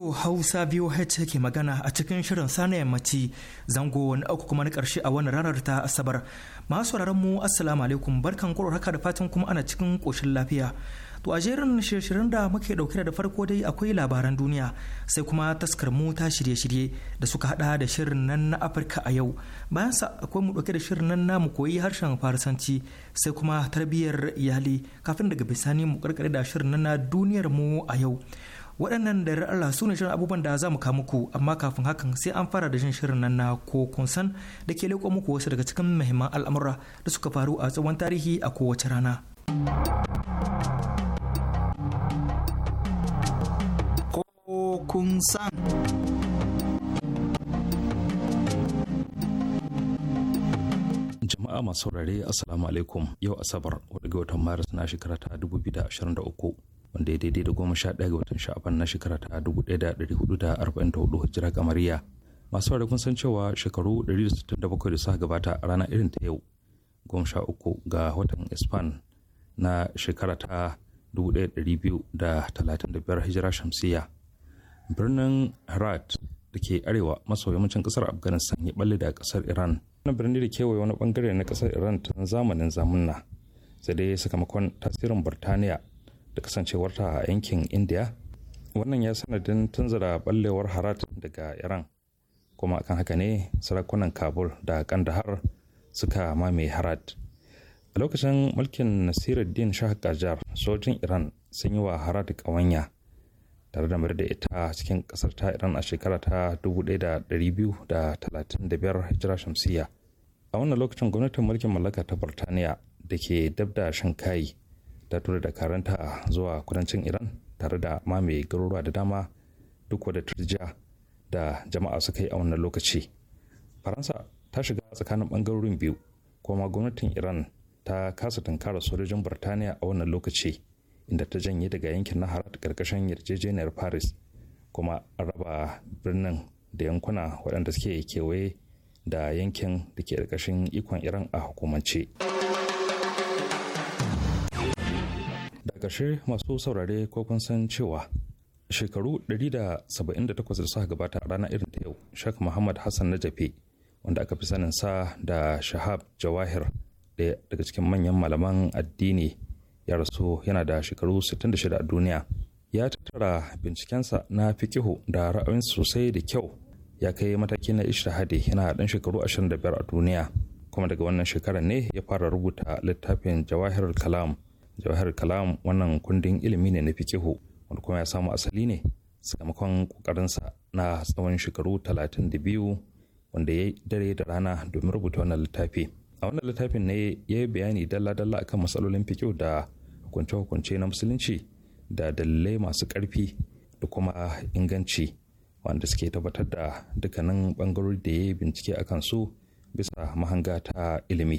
Radio Hausa VOH ke magana a cikin shirin sana yammaci zango na uku kuma na karshe a wani ranar ta Asabar. Masu mu Assalamu alaikum barkan kuro haka da fatan kuma ana cikin koshin lafiya. To a jerin shirye da muke dauke da farko dai akwai labaran duniya sai kuma taskar mu ta shirye-shirye da suka hada da shirin nan na Afirka a yau. Bayan sa akwai mu dauke da shirin nan mu koyi harshen Farsanci sai kuma tarbiyyar iyali kafin daga bisani mu karkare da shirin nan na duniyar mu a yau. waɗannan da Allah su ne shirin abubuwan da za mu kawo muku amma kafin hakan sai an fara da jin shirin nan na ko kun san da ke leƙo muku wasu daga cikin muhimman al'amura da suka faru a tsawon tarihi a kowace rana. Ko san. Jama'a masu saurare Assalamu alaikum yau Asabar wadda watan Maris na shekara ta 2023 wanda ya daidai da goma sha ɗaya ga watan sha'aban na shekara ta dubu ɗaya da ɗari hudu da arba'in da hudu hijira kamariya masu wari kun san cewa shekaru ɗari da sittin da bakwai da suka gabata a ranar irin ta yau goma sha uku ga watan isfan na shekara ta dubu ɗaya ɗari biyu da talatin da biyar hijira shamsiya birnin herat da ke arewa maso yammacin kasar afghanistan ya balle da kasar iran wani birni da kewaye wani bangare na kasar iran tun zamanin zamunna sai dai sakamakon tasirin birtaniya da kasancewarta a yankin india wannan ya sanadin tunzura ballewar harat daga iran kuma akan haka ne sarakunan kabul da kandahar suka mame harat a lokacin mulkin nasiruddin shah qajar sojin iran sun yi wa harat kawanya tare da da ita cikin kasar ta iran a shekara ta 1235 hijira shamsiyya a wannan lokacin gwamnatin mulkin mallaka ta burtaniya da ke dabda kayi. ta tura da karanta a zuwa kudancin iran tare da mamaye garuruwa da dama duk wadda turjiya da jama'a suka yi a wannan lokaci faransa ta shiga tsakanin bangarorin biyu kuma gwamnatin iran ta kasa tunkara sojojin birtaniya a wannan lokaci inda ta janye daga yankin naharat karkashin yarjejeniyar paris kuma an raba birnin da yankuna waɗanda suke kewaye da yankin da ke ƙarƙashin ikon iran a hukumance. ƙarshe masu saurare ko kun san cewa shekaru 178 da suka gabata a rana irin ta yau shak muhammad hassan najafi wanda aka fi sanin sa da shahab jawahir daga cikin manyan malaman addini ya rasu yana da shekaru 66 a duniya ya tattara bincikensa na fikihu da ra'ayin sosai da kyau ya kai mataki na hadi yana dan shekaru 25 a duniya kuma daga wannan shekarar ne ya fara rubuta littafin jawahirul kalam jawahar kalam wannan kundin ilimi ne na fikihu wanda kuma ya samu asali ne sakamakon kokarinsa na tsawon shekaru 32 wanda ya dare da rana domin rubuta wannan littafi a wannan littafin ne ya yi bayani dalla-dalla akan matsalolin fikihu da hukunce-hukunce na musulunci da dalilai masu ƙarfi da kuma inganci wanda suke tabbatar da dukkanin bangarori da ya yi bincike akan su bisa mahanga ta ilimi.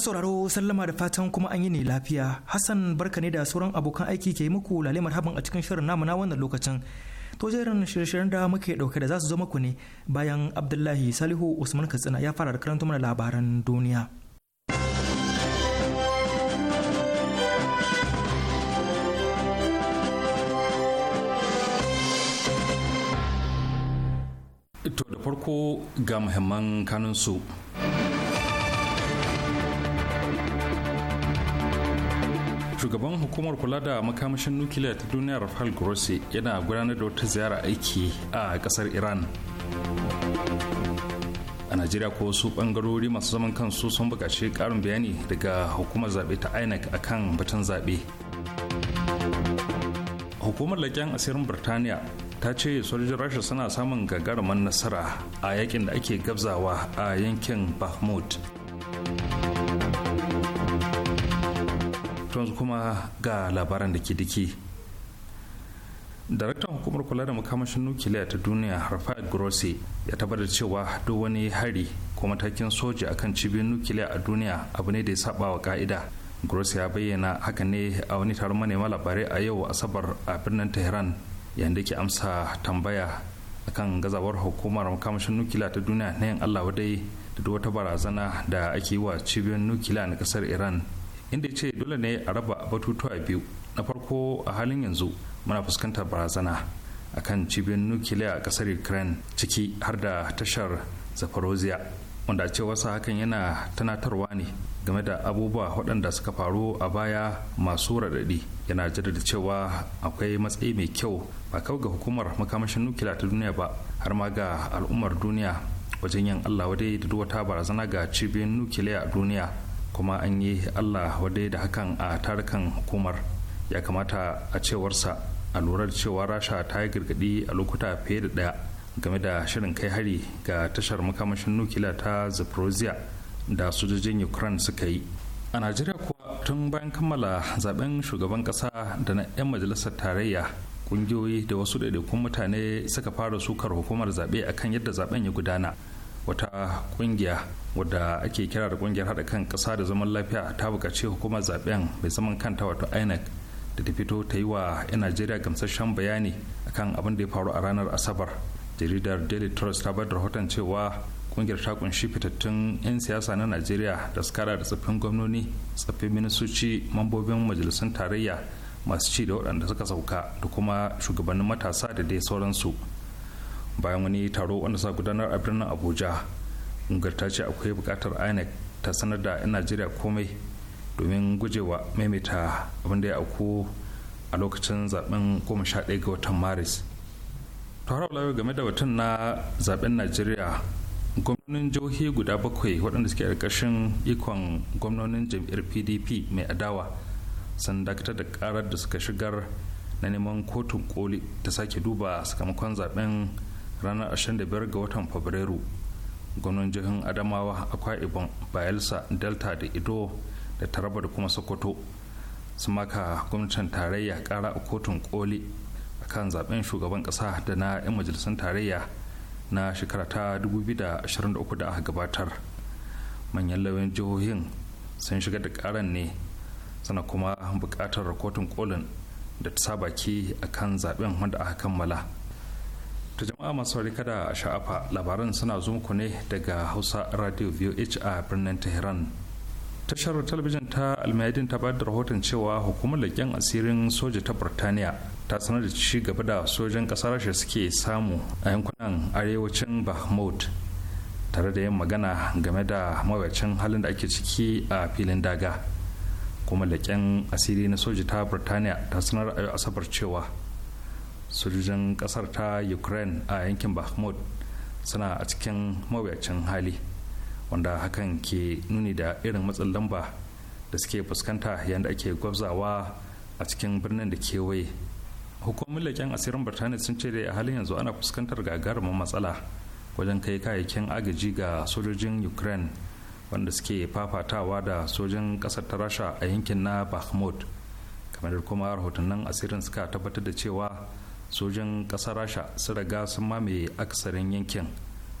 sauraro sallama da fatan kuma an yi ne lafiya hassan barka ne da sauran abokan aiki ke yi muku lalle marhaban a cikin shirin namu na wannan lokacin to jerin shirye-shiryen da muke dauke da za su zo muku ne bayan abdullahi salihu usman katsina ya fara da karanta mana labaran duniya to da farko ga muhimman kanunsu shugaban hukumar kula da makamashin nukiliya ta duniya rafael grossi yana gudanar da wata ziyara aiki a kasar iran a najeriya ko wasu bangarori masu zaman kansu sun bukaci karin bayani daga hukumar zabe ta inec akan batun zaɓe hukumar leƙen asirin birtaniya ta ce sojojin rasha suna samun gagarumin nasara a yakin da ake gabzawa a yankin bahmut yanzu kuma ga labaran da ke dake daraktan hukumar kula da makamashin nukiliya ta duniya rafael grossi ya tabbatar cewa duk wani hari ko matakin soja akan cibiyar nukiliya a duniya abu ne da ya saba wa ka'ida grossi ya bayyana haka ne a wani taron manema labarai a yau asabar a birnin tehran yayin da ke amsa tambaya akan gazawar hukumar makamashin nukiliya ta duniya na yin allah wadai da wata barazana da ake yi wa cibiyar nukiliya na kasar iran inda ya ce dole ne a raba batutuwa biyu na farko a halin yanzu muna fuskantar barazana a kan cibiyar nukiliya a kasar ukraine ciki har da tashar zaporozhia wanda ce wasa hakan yana tanatarwa ne game da abubuwa waɗanda suka faru a baya masu raɗaɗi yana jaddada cewa akwai matsayi mai kyau ba kawai ga hukumar makamashin nukiliya ta duniya ba har ma ga al'ummar duniya wajen yin allah wadai da duwata wata barazana ga cibiyar nukiliya a duniya kuma an yi allah wadai da hakan a tarukan hukumar ya kamata a cewarsa a lura da cewa rasha ta yi gargadi a lokuta fiye da daya game da shirin kai hari ga tashar makamashin nukila ta zaporozhia da sojojin ukraine suka yi a najeriya kuwa tun bayan kammala zaben shugaban kasa da na 'yan majalisar tarayya ƙungiyoyi da wasu ɗaiɗaikun mutane suka fara sukar hukumar zaɓe akan yadda zaben ya gudana wata kungiya wadda ake kira da kungiyar hada kan ƙasa da zaman lafiya ta bukaci hukumar zaben mai zaman kanta wato inec da ta fito ta yi wa 'yan najeriya gamsasshen bayani akan abin da ya faru a ranar asabar jaridar daily trust ta bada rahoton cewa kungiyar ta kunshi fitattun 'yan siyasa na najeriya da skara da tsaffin gwamnoni tsaffin ministoci mambobin majalisun tarayya masu ci da waɗanda suka sauka da kuma shugabannin matasa da dai sauransu bayan wani taro wanda sa gudanar a birnin abuja ungar ta ce akwai bukatar inec ta sanar da 'yan najeriya komai domin gujewa maimaita abin da ya auku a lokacin zaben ɗaya ga watan maris taron game da watan na zaben najeriya gwamnonin jihohi guda bakwai waɗanda suke ƙarƙashin ikon gwamnonin jam'iyyar pdp mai adawa sun dakatar da karar da suka shigar na neman kotun koli ta sake duba sakamakon zaben ranar 25 ga watan fabrairu gwamnan jihin adamawa akwa ibon bayelsa delta da ido da taraba da kuma sokoto su maka gwamnatin tarayya kara a kotun koli a kan zaben shugaban kasa da na 'yan majalisun tarayya na shekara ta 2023 da aka gabatar manyan lauyan jihohin sun shiga da karan ne sana kuma bukatar kotun kolin da ta sa baki a kan zaben wanda aka kammala To jama'a masu wari kada a sha'afa labaran suna zo muku ne daga Hausa Radio VOH a birnin Tehran. Tashar talabijin ta Almayadin ta bayar da rahoton cewa hukumar leƙen asirin soja ta Burtaniya ta sanar da ci gaba da sojan ƙasar Rasha suke samu a yankunan arewacin Bahmut tare da yin magana game da mawuyacin halin da ake ciki a filin daga. Kuma leƙen asiri na soja ta Burtaniya ta sanar a asabar cewa sojojin kasar ta ukraine a yankin bakhmut suna a cikin mawuyacin hali wanda hakan ke nuni da irin matsin lamba da suke fuskanta yadda ake gwabzawa a cikin birnin da kewaye hukumomin leƙen asirin birtaniya sun ce da a halin yanzu ana fuskantar gagarumin matsala wajen kai kayayyakin agaji ga sojojin ukraine wanda suke fafatawa da sojin ƙasar ta rasha a yankin na bakhmut kamar kuma rahotannin asirin suka tabbatar da cewa sojin ƙasar rasha sun riga sun mamaye aksarin yankin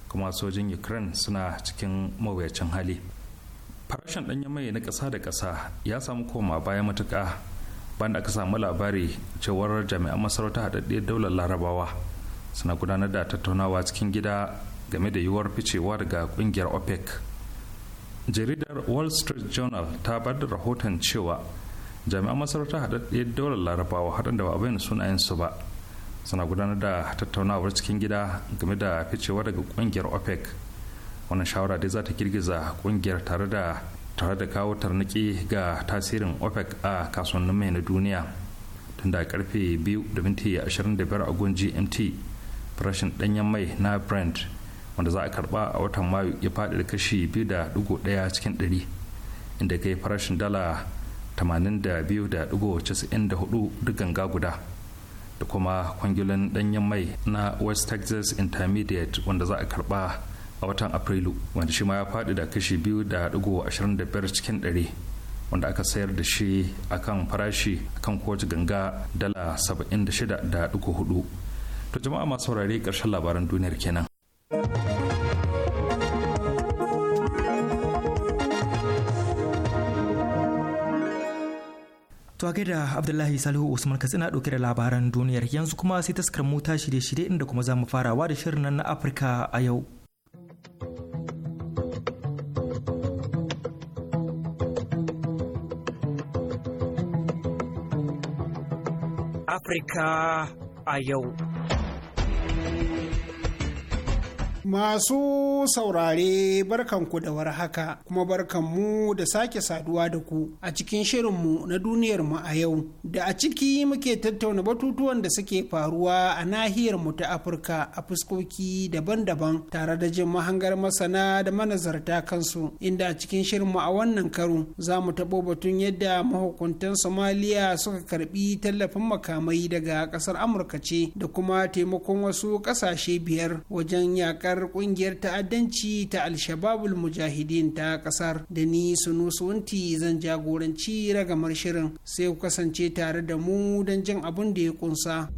kuma sojin ukraine suna cikin mawuyacin hali farashin ɗanyen mai na ƙasa da ƙasa ya samu koma baya matuƙa bayan aka samu labari cewar jami'an masarauta haɗaɗɗiyar daular larabawa suna gudanar da tattaunawa cikin gida game da yiwuwar ficewa daga ƙungiyar opec jaridar wall street journal ta bar da rahoton cewa jami'an masarauta haɗaɗɗiyar daular larabawa haɗin da ba bayan sunayensu ba suna gudanar da tattaunawar cikin gida game da ficewa daga kungiyar opec wannan shawara dai za ta girgiza kungiyar tare da tare da kawo tarnaki ga tasirin opec a kasuwannin mai na duniya tun da karfe 2.25 agun gmt farashin danyen mai na brent wanda za a karba a watan mayu ya faɗi da kashi 2.1 cikin 100 inda kai farashin dala 82.94 duk ganga guda da kuma kwangilin danyen mai na west texas intermediate wanda za a karba a watan afrilu wanda shi ma ya faɗi da kashi biyu da dugu ashirin da biyar cikin ɗari wanda aka sayar da shi a kan farashi kan kowace ganga dala saba'in da shida da to jama'a masu saurari ƙarshen labaran duniyar kenan. To a gaida Abdullahi Salihu Usman Katsina ɗauke da labaran duniyar yanzu kuma sai taskar mota shirye-shirye inda kuma za mu farawa da shirin nan na Afirka a yau. Afirka a yau. Masu saurare barkanku da haka kuma barkanmu da sake saduwa da ku a cikin shirinmu na duniyar mu a yau da a ciki muke tattauna batutuwan da suke faruwa a nahiyar mu ta Afirka a fuskoki daban-daban tare da jin mahangar masana da manazarta kansu inda a cikin shirinmu a wannan karo za mu taɓo batun yadda mahukuntan Somaliya suka karbi tallafin makamai daga ƙasar Amurka ce da kuma taimakon wasu ƙasashe biyar wajen yaƙar yakar ƙungiyar ta'addanci ta alshababul mujahidin ta kasar da ni sunu suwanti zan jagoranci ragamar shirin sai ku kasance tare da mu don jin abin da ya ƙunsa.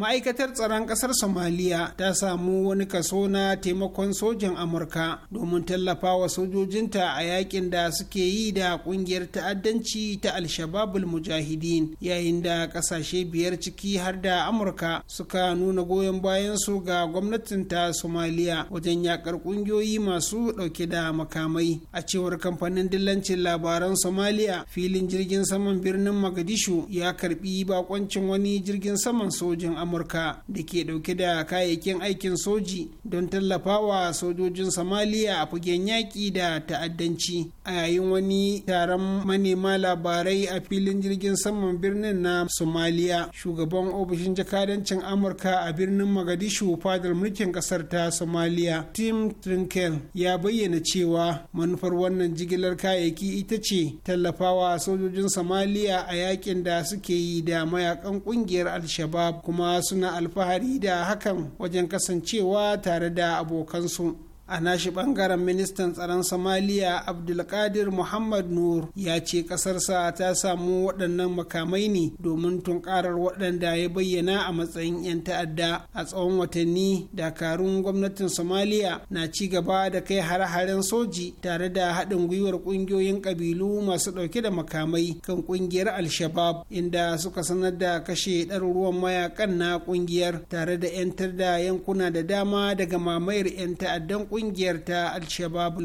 ma'aikatar tsaron ƙasar somaliya ta samu wani kaso na taimakon sojin amurka domin tallafa wa sojojinta a yakin da suke yi da kungiyar ta'addanci ta alshababul mujahidin yayin da ƙasashe biyar ciki har da amurka suka nuna goyon bayan su ga gwamnatin ta somaliya wajen yakar kungiyoyi masu ɗauke da makamai a cewar kamfanin dillancin labaran somaliya filin jirgin saman birnin magadishu ya karbi bakoncin wani jirgin saman sojin amurka amurka da ke dauke da kayayyakin aikin soji don tallafawa sojojin Somalia a fagen yaƙi da ta'addanci a yayin wani taron manema labarai a filin jirgin saman birnin na somaliya shugaban ofishin jakadancin amurka a birnin magadishu fadar mulkin ƙasar ta somaliya tim trinkel ya bayyana cewa manufar wannan jigilar kayayyaki ita ce tallafawa sojojin Somalia a yakin da suke yi da mayakan kungiyar al shabaab kuma suna alfahari da hakan wajen kasancewa tare da abokansu a nashi bangaren ministan tsaron somaliya abdulkadir muhammad nur ya ce kasarsa ta samu waɗannan makamai ne domin tunkarar waɗanda ya bayyana a matsayin 'yan ta'adda a tsawon watanni dakarun gwamnatin somaliya na ci gaba da kai har haren soji tare da haɗin gwiwar ƙungiyoyin ƙabilu masu ɗauke da makamai kan ƙungiyar al-shabab inda suka sanar da kashe ɗaruruwan mayakan na ƙungiyar tare da 'yantar da yankuna da dama daga mamayar 'yan ta'addan kungiyar ta al-shababul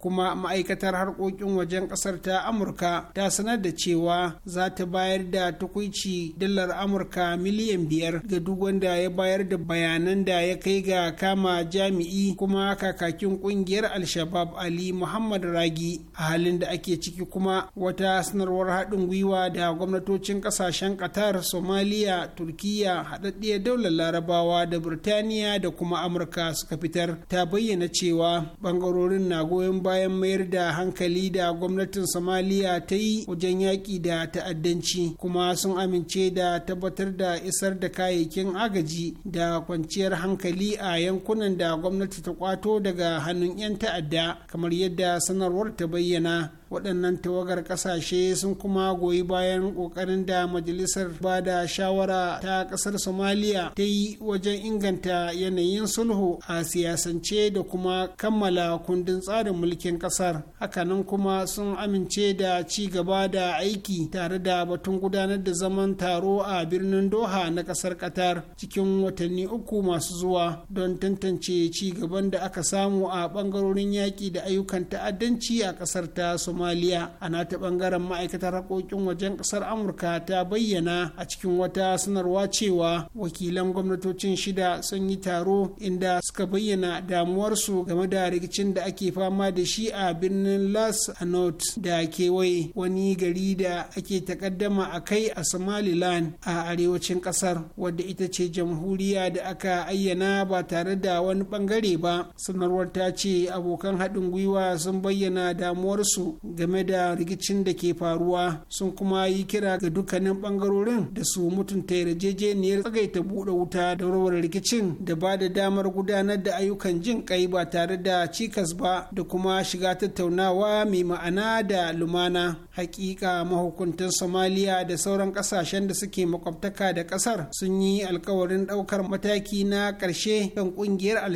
kuma ma'aikatar harkokin wajen kasar ta amurka ta sanar da cewa za ta bayar da tukuici dalar amurka miliyan biyar ga duk wanda ya bayar da bayanan da ya kai ga kama jami'i kuma kakakin kungiyar alshabab shabab ali muhammad ragi a halin da ake ciki kuma wata sanarwar haɗin gwiwa da gwamnatocin ƙasashen qatar somaliya turkiya haɗaɗɗiyar daular larabawa da birtaniya da kuma amurka suka fitar ta bayyana cewa bangarorin na goyon bayan mayar da hankali da gwamnatin somaliya ta yi wajen yaƙi da ta'addanci kuma sun amince da tabbatar da isar da kayayyakin agaji da kwanciyar hankali a yankunan da gwamnati ta kwato daga hannun 'yan ta'adda kamar yadda sanarwar ta bayyana waɗannan tawagar ƙasashe sun kuma goyi bayan ƙoƙarin da majalisar ba da shawara ta ƙasar somaliya ta yi wajen inganta yanayin sulhu a siyasance da kuma kammala kundin tsarin mulkin ƙasar hakanan kuma sun amince da ci gaba da aiki tare da batun gudanar da zaman taro a birnin doha na ƙasar qatar cikin watanni uku masu zuwa don tantance ci gaban da aka samu a ɓangarorin yaƙi da ayyukan ta'addanci a ƙasar ta somaliya somaliya a nata bangaren ma'aikatar harkokin wajen kasar amurka ta bayyana a cikin wata sanarwa cewa wakilan gwamnatocin shida sun yi taro inda suka bayyana damuwarsu game da rikicin da ake fama da shi a birnin las anot da kewaye wani gari da ake takaddama a kai a somaliland a arewacin kasar wadda ita ce jamhuriya da aka ayyana ba tare da wani bangare ba sanarwar ta ce abokan haɗin gwiwa sun bayyana damuwarsu game da rikicin da ke faruwa sun kuma yi kira ga dukkanin bangarorin da su mutunta yarjejeniyar tsagaita buɗe wuta da rawar rikicin da ba da damar gudanar da ayyukan jin kai ba tare da cikas ba da kuma shiga tattaunawa mai ma'ana da lumana hakika mahukuntan somaliya da sauran kasashen da suke makwabtaka da kasar sun yi alkawarin ɗaukar mataki na karshe kan kungiyar al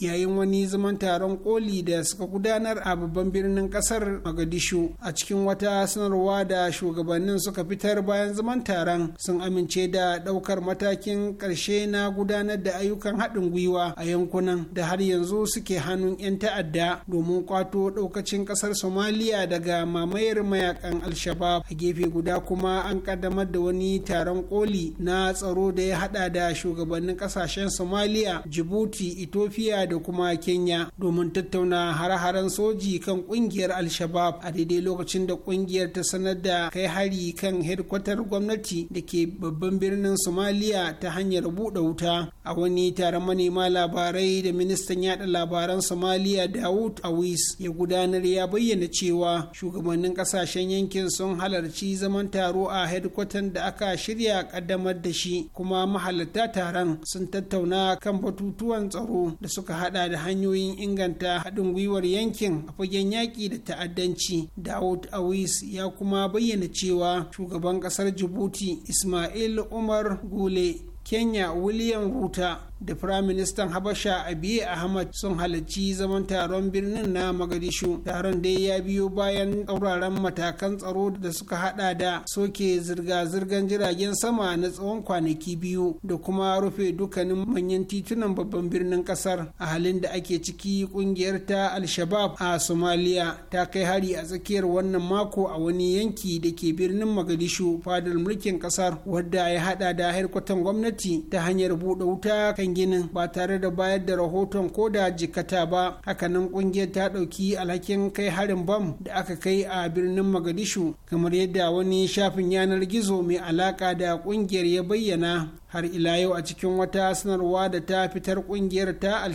yayin wani zaman taron koli da suka gudanar a babban birnin kasar mogadishu a cikin wata sanarwa da shugabannin suka fitar bayan zaman taron sun amince da ɗaukar matakin ƙarshe na gudanar da ayyukan haɗin gwiwa a yankunan da har yanzu suke hannun 'yan ta'adda domin kwato ɗaukacin ƙasar somaliya daga mamayar mayakan alshabab a gefe guda kuma an ƙaddamar da wani taron koli na tsaro da ya haɗa da shugabannin ƙasashen somaliya jibuti ethiopia da kuma kenya domin tattauna hare-haren soji kan ƙungiyar alshabab al a daidai lokacin da kungiyar ta sanar da kai hari kan hedkwatar gwamnati da ke babban birnin somaliya ta hanyar buɗe wuta a wani taron manema labarai da ministan yada labaran somaliya dawud awis ya gudanar ya bayyana cewa shugabannin kasashen yankin sun halarci zaman taro a hedkwatan da aka shirya kaddamar da shi kuma mahalarta taron sun tattauna kan batutuwan tsaro da suka hada da hanyoyin inganta haɗin gwiwar yankin a fagen yaƙi da ta'addanci shugabanci Dawud awis ya kuma bayyana cewa shugaban kasar jibuti ismail umar gule kenya william ruta da firaministan habasha abiy ahmad sun halarci zaman taron birnin na magadishu taron dai ya biyo bayan tsauraran matakan tsaro da suka hada da soke zirga-zirgar jiragen sama na tsawon kwanaki biyu da kuma rufe dukkanin manyan titunan babban birnin kasar a halin da ake ciki kungiyar ta al-shabab a somalia ta kai hari a tsakiyar wannan mako a wani yanki da ke birnin magadishu fadar mulkin kasar wadda ya hada da gwamnati ta hanyar buɗe wuta kan ginin ba tare da bayar da rahoton ko da jikata ba hakanan kungiyar ta dauki alhakin kai harin bam da aka kai a birnin magadishu kamar yadda wani shafin yanar gizo mai alaka da kungiyar ya bayyana har ila yau a cikin wata sanarwa da ta fitar kungiyar ta al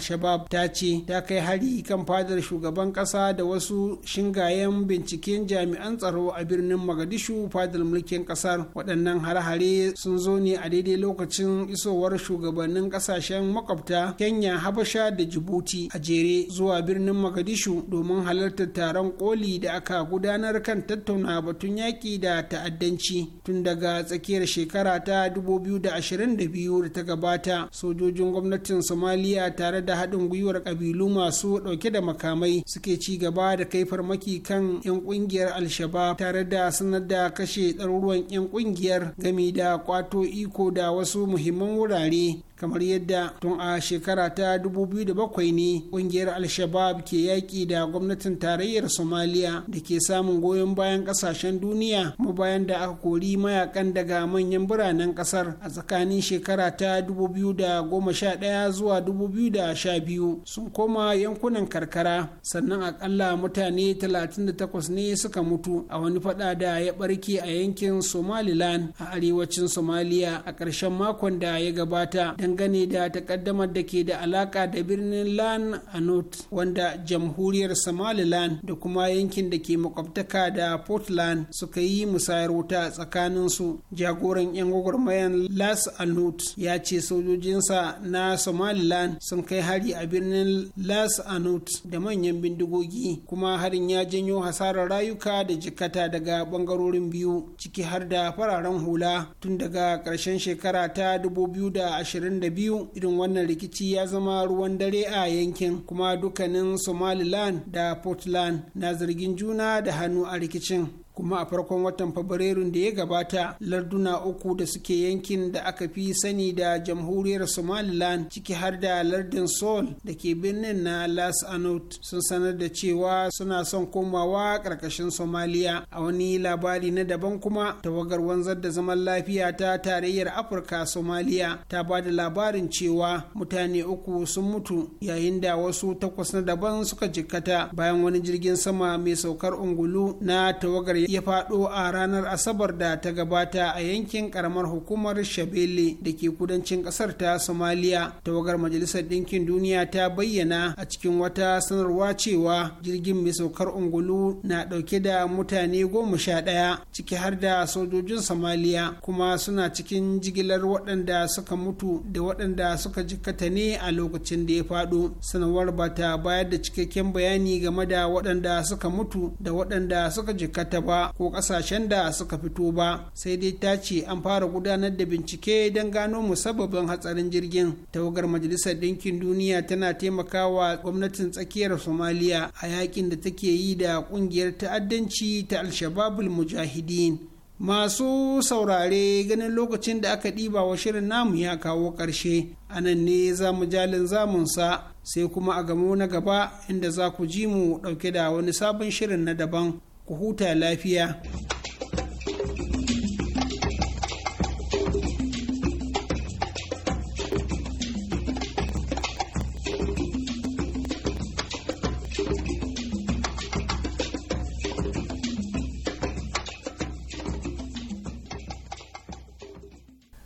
ta ce ta kai hari kan fadar shugaban kasa da wasu shingayen binciken jami'an tsaro a birnin magadishu fadar mulkin kasar waɗannan hare-hare sun zo ne a daidai lokacin isowar shugabannin kasashen makwabta kenya habasha da jibuti a jere zuwa birnin magadishu domin halartar taron koli da aka gudanar kan tattauna batun yaƙi da ta'addanci tun daga tsakiyar shekara ta dubu biyu da ashirin. 22 da ta gabata sojojin gwamnatin somaliya tare da haɗin gwiwar ƙabilu masu ɗauke da makamai suke ci gaba da kai farmaki kan 'yan ƙungiyar al tare da sanar da kashe ɗaruruwan 'yan ƙungiyar gami da kwato iko da wasu muhimman wurare kamar yadda tun a shekara ta 2007 ne kungiyar al-shabab ke yaƙi da gwamnatin tarayyar somaliya da ke samun goyon bayan ƙasashen duniya kuma bayan da aka kori mayakan daga manyan biranen ƙasar a tsakanin shekara ta 2011 zuwa 2012 sun koma yankunan karkara sannan akalla mutane 38 ne suka mutu a wani fada da ya barke a yankin somaliland a arewacin somaliya a ƙarshen makon da ya gabata dangane da takaddamar da ke da alaka da birnin lan north wanda jamhuriyar somaliland da kuma yankin da ke makwabtaka da portland suka yi musayar wuta tsakaninsu jagoran 'yan gwagwarmayan las anut ya ce sojojinsa na somaliland sun kai hari a birnin las anut da manyan bindigogi kuma harin ya janyo hasarar rayuka da jikata daga bangarorin biyu ciki har da fararen hula tun daga ƙarshen shekara ta 2020 biyu irin wannan rikici ya zama ruwan dare a yankin kuma dukkanin somaliland da portland na zargin juna da hannu a rikicin kuma a farkon watan fabrairun da ya gabata larduna uku da suke yankin da aka fi sani da jamhuriyar somaliland ciki har da lardin sol da ke birnin na las anot sun sanar da cewa suna son komawa ƙarƙashin somaliya a wani labari na daban kuma tawagar wanzar da zaman lafiya ta tarayyar afirka somaliya ta ba da labarin cewa mutane uku sun mutu yayin da wasu takwas na daban suka jikkata bayan wani jirgin sama mai saukar ungulu na tawagar ya faɗo a ranar asabar da ta gabata a yankin karamar hukumar shabele da ke kudancin ƙasar ta somaliya tawagar majalisar ɗinkin duniya ta bayyana a cikin wata sanarwa cewa jirgin mai saukar ungulu na ɗauke da mutane goma sha ɗaya ciki har da sojojin somaliya kuma suna cikin jigilar waɗanda suka mutu da waɗanda suka jikkata ne a lokacin da ya faɗo sanarwar ba ta bayar da cikakken bayani game da waɗanda suka mutu da waɗanda suka jikkata ba ba ko kasashen da suka fito ba sai dai ta ce an fara gudanar da bincike don gano musabbabin hatsarin jirgin tawagar majalisar dinkin duniya tana taimakawa gwamnatin tsakiyar somaliya a yakin da take yi da kungiyar ta'addanci ta al mujahidin mujahideen masu saurare ganin lokacin da aka ɗiba wa shirin namu ya kawo ƙarshe a nan ne za mu jalin zamunsa sai kuma a gamo na gaba inda za ku ji mu ɗauke da wani sabon shirin na daban ku huta lafiya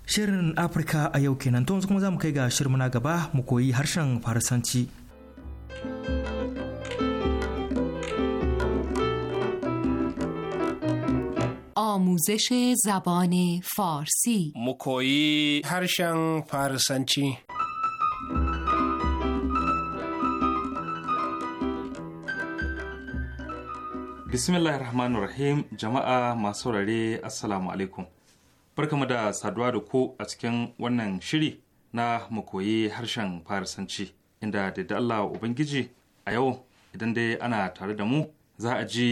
Shirin Afirka a yau kenan to kuma za mu kai ga shirin na gaba mu koyi harshen Faransanci. آموزش زبان فارسی مکویی هرشن فارسنچی bismillah rahman rahim jama'a masu saurare assalamu alaikum barkamu da saduwa da ku a cikin wannan shiri na mu koyi harshen farisanci inda da Allah ubangiji a yau idan dai ana tare da mu za a ji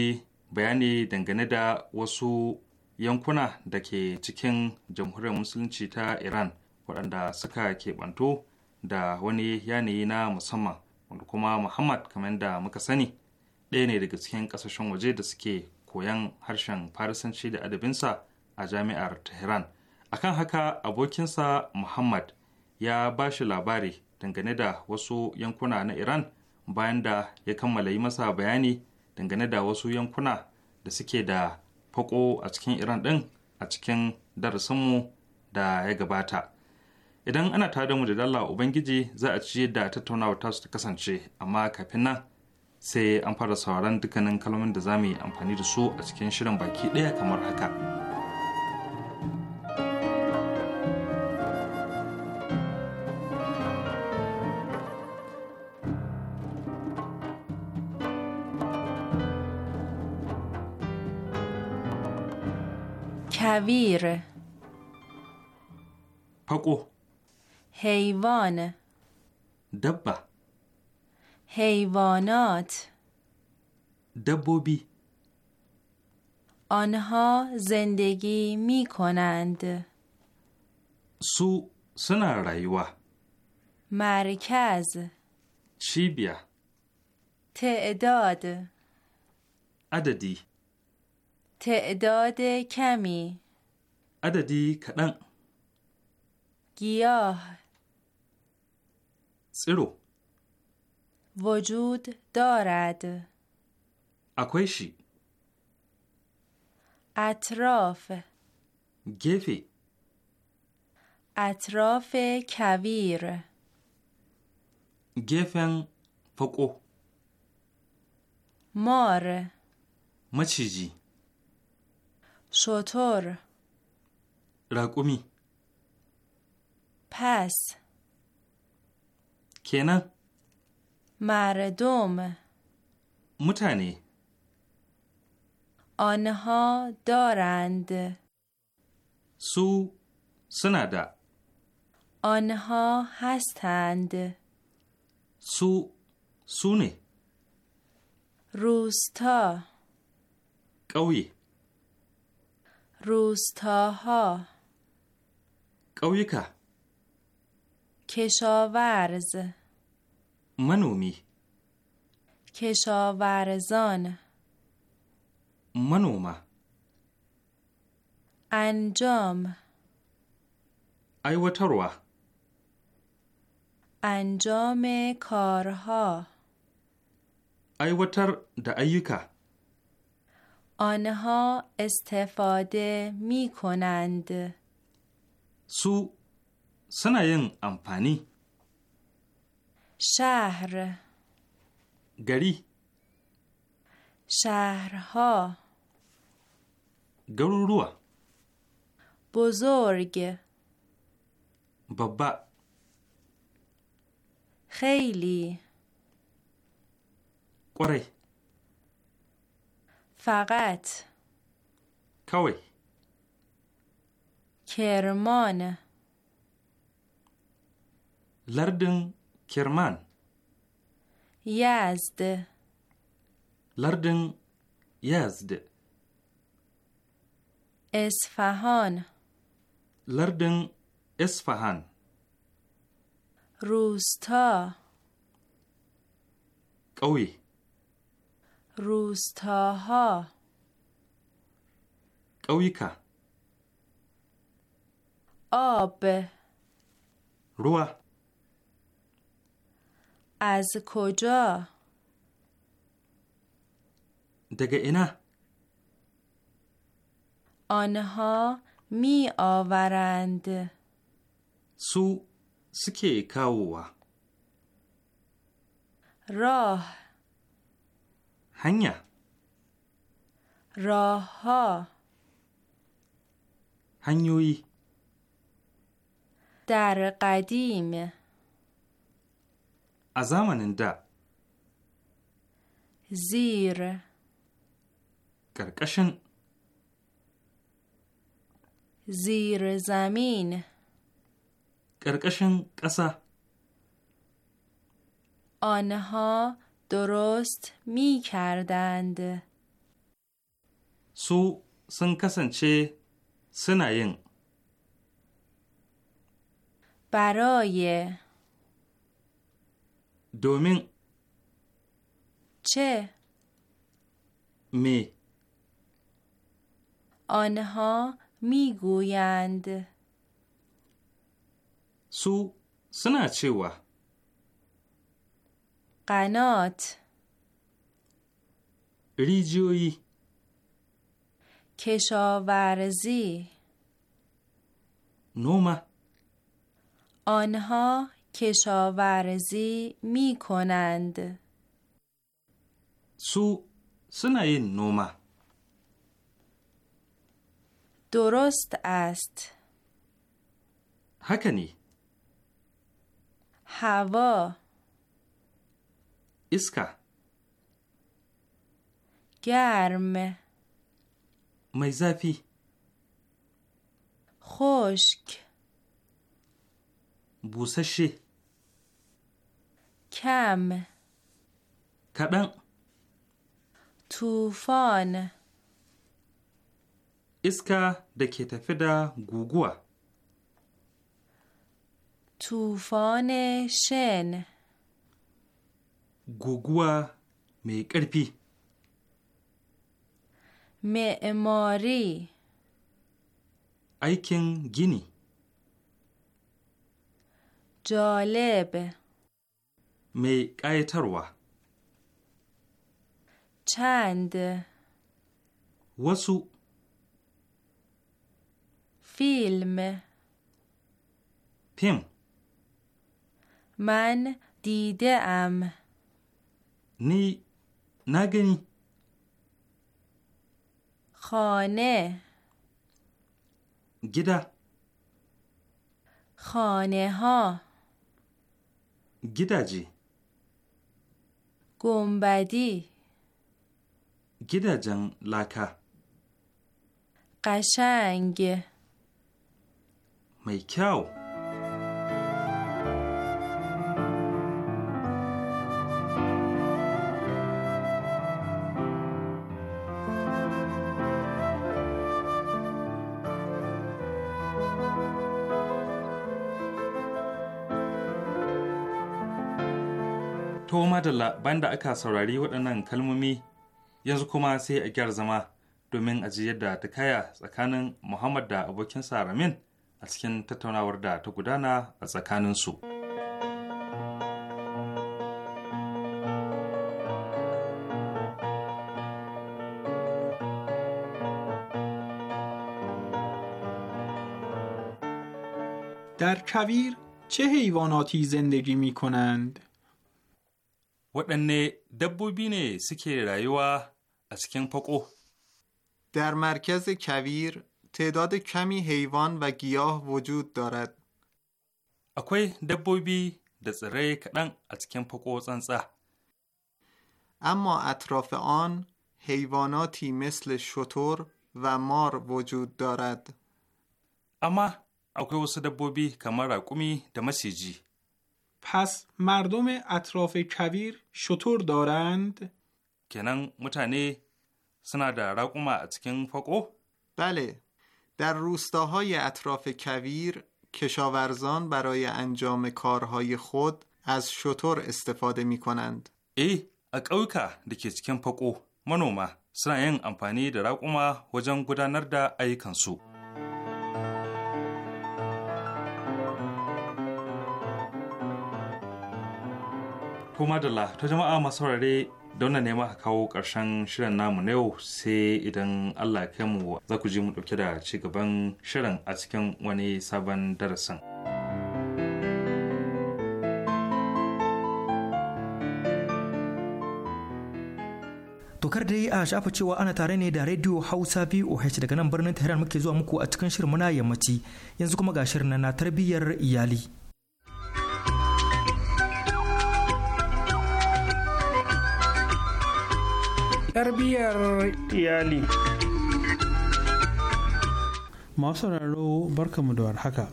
bayani dangane da wasu yankuna da ke cikin jamhuriyar musulunci ta iran waɗanda suka keɓanto da wani yanayi na musamman wanda kuma muhammad kamar da muka sani ɗaya ne daga cikin ƙasashen waje da suke koyan harshen farisanci da adabinsa a jami'ar tehran akan haka abokinsa muhammad ya ba shi labari dangane da wasu yankuna na iran bayan da ya kammala yi masa bayani dangane da wasu yankuna da suke da haƙo a cikin iran ɗin a cikin darasinmu da ya gabata idan ana tare mu da dalla ubangiji za a ci da tattaunawa tasu ta kasance amma kafin nan sai an fara sauran dukkanin kalmomin da za mu yi amfani da su a cikin shirin baki ɗaya kamar haka. کویر پکو حیوان دبه حیوانات دبوبی آنها زندگی می کنند سو سنا رایوا مرکز شیبیا، تعداد عددی تعداد کمی عددی کدن گیاه سرو وجود دارد اکویشی اطراف گفی اطراف کویر گفن فکو مار مچیجی شطور راقومی پس نه؟ مردم متنی آنها دارند سو سندا آنها هستند سو سونه روستا قوی روستاها قویکا کشاورز منومی کشاورزان منوما انجام ایوتروا انجام کارها ایوتر دا ایوکا آنها استفاده می کنند su suna yin amfani shahr gari shahrha garuruwa bozorg babba khaili kwarai faqat kawai کرمان لردن کرمان یزد لردن یزد اصفهان لردن اصفهان روستا قوی روستاها که آب روح از کجا دگه اینا آنها می آورند سو سکی کاوا راه هنیا راه ها در قدیم از زمان زیر کرکشن زیر زمین کرکشن قسا آنها درست می کردند سو سن چه سناین برای دومین چه می آنها میگویند سو سنا و؟ قنات ریجوی کشاورزی نومه آنها کشاورزی می کنند. سو سنای نوما درست است. هکنی هوا اسکا گرم میزافی خشک busashe. kam kaɗan tufan iska da ke tafi da guguwa tufan shen guguwa mai ƙarfi معماری aikin gini جالب می قایتروا چند وسو فیلم پیم من دیده ام نی نگنی خانه گیده خانه ها gidaje gombadi gidajen laka kashange mai kyau madalla bayan da aka saurari waɗannan kalmomi yanzu kuma sai a gyara zama domin a ji yadda ta kaya tsakanin Muhammad da abokinsa Ramin a cikin tattaunawar da ta gudana a tsakaninsu. در کویر چه حیواناتی زندگی می کنند؟ waɗanne dabbobi ne suke rayuwa a cikin در مرکز کویر تعداد کمی حیوان و گیاه وجود دارد. اکوی دبوبی دزره کدن از کم پکو اما اطراف آن حیواناتی مثل شطور و مار وجود دارد. اما اکوی وسط دبوبی کمر اکومی مسیجی پس مردم اطراف کویر شطور دارند؟ کنن متنی سنا در رقم اتکن فکو بله در روستاهای اطراف کویر کشاورزان برای انجام کارهای خود از شطور استفاده می کنند ای اکاوکا دکی چکن منو منوما سنا ین امپانی در رقم وجن گدانر ای ایکنسو da madalla ta jama'a masu saurare don na nema kawo karshen shirin namu na yau sai idan Allah ya mu za ku ji mu ɗauki da ci gaban shirin a cikin wani sabon darasin. Tokar dai a shafa cewa ana tare ne da Radio Hausa VOH daga nan birnin Tehran muke zuwa muku a cikin shirin muna yammaci yanzu kuma ga shirin na tarbiyyar iyali. tarbiyyar iyali masu sauraro mu da warhaka